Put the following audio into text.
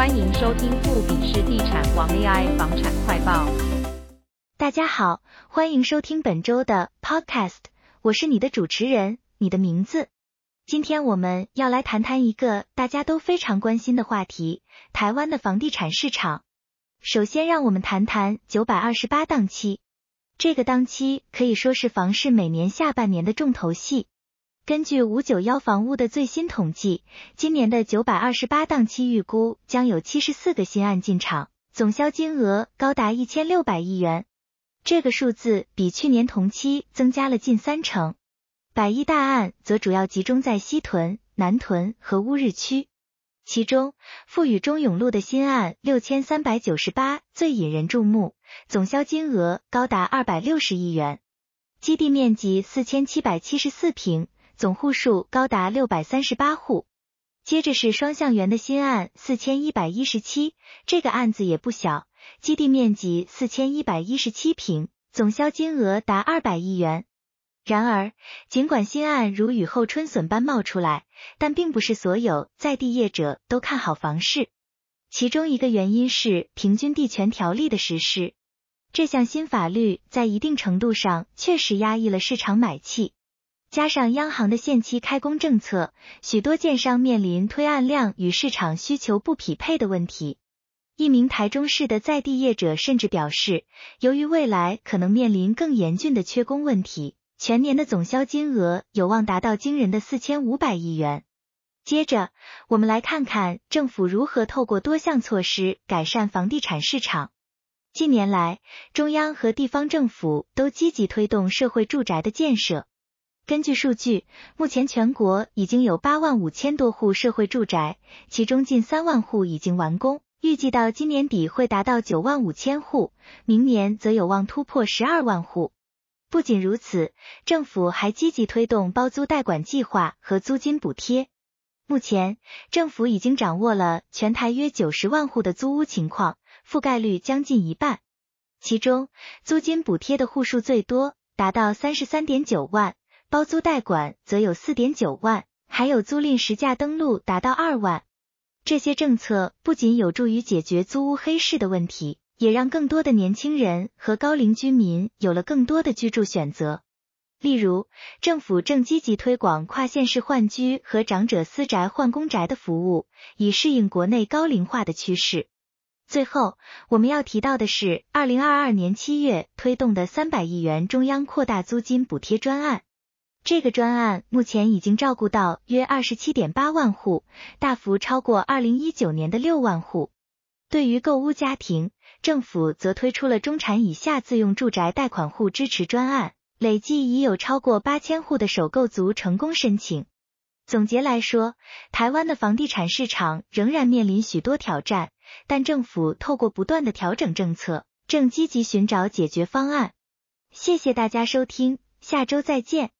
歡迎收聽富比士地產王 AI 房產快報。大家好，歡迎收聽本周的 Podcast，我是你的主持人，你的名字。今天我們要來談談一個大家都非常關心的話題——台灣的房地產市場。首先，讓我們談談928檔期。這個檔期可以說是房市每年下半年的重頭戲。根據五九幺房屋的最新統計，今年的九百二十八檔期預估將有七十四個新案進場，總銷金額高達一千六百億元。這個數字比去年同期增加了近三成。百億大案則主要集中在西屯、南屯和烏日區，其中富宇中永路的新案六千三百九十八最引人注目，總銷金額高達二百六十億元，基地面積四千七百七十四平。總戶數高達六百三十八戶，接着是雙橡園的新案四千一百一十七，這個案子也不小，基地面積四千一百一十七平，總銷金額達二百億元。然而，儘管新案如雨後春筍般冒出來，但並不是所有在地業者都看好房市。其中一個原因是平均地權條例的實施，這項新法律在一定程度上確實壓抑了市場買氣。加上央行的限期開工政策，許多建商面臨推案量與市場需求不匹配的問題。一名台中市的在地業者甚至表示，由於未來可能面臨更嚴峻的缺工問題，全年的總銷金額有望達到驚人的四千五百億元。接着，我們來看看政府如何透過多項措施改善房地產市場。近年來，中央和地方政府都積極推動社會住宅的建設。根據數據，目前全國已經有八萬五千多戶社會住宅，其中近三萬戶已經完工，預計到今年底會達到九萬五千戶，明年則有望突破十二萬戶。不僅如此，政府還積極推動包租代管計劃和租金補貼。目前，政府已經掌握了全台約九十萬戶的租屋情況，覆蓋率將近一半。其中，租金補貼的戶數最多，達到三十三點九萬。包租代管則有四點九萬，還有租賃實價登錄達到二萬。這些政策不僅有助於解決租屋黑市的問題，也讓更多的年輕人和高齡居民有了更多的居住選擇。例如，政府正積極推廣跨縣市換居和長者私宅換公宅的服務，以適應國內高齡化的趨勢。最後，我們要提到的是，二零二二年七月推動的三百億元中央擴大租金補貼專案。這個專案目前已經照顧到約二十七點八萬戶，大幅超過二零一九年的六萬戶。對於購屋家庭，政府則推出了中產以下自用住宅貸款戶支持專案，累計已有超過八千戶的首購族成功申請。總結來說，台灣的房地產市場仍然面臨許多挑戰，但政府透過不斷的調整政策，正積極尋找解決方案。謝謝大家收聽，下週再見。